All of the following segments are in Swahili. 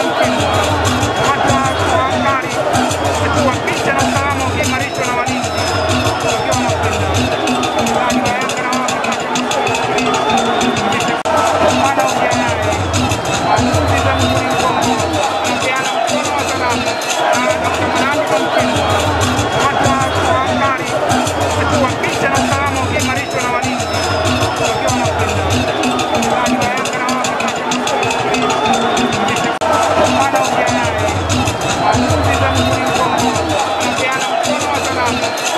Thank you. Trump.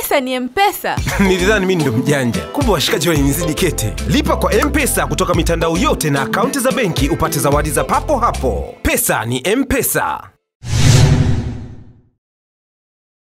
mpesa ni mpesa nilidhani mimi ndo mjanja kumbe washikaji wananizidi kete lipa kwa mpesa kutoka mitandao yote na akaunti za benki upate zawadi za papo hapo pesa ni mpesa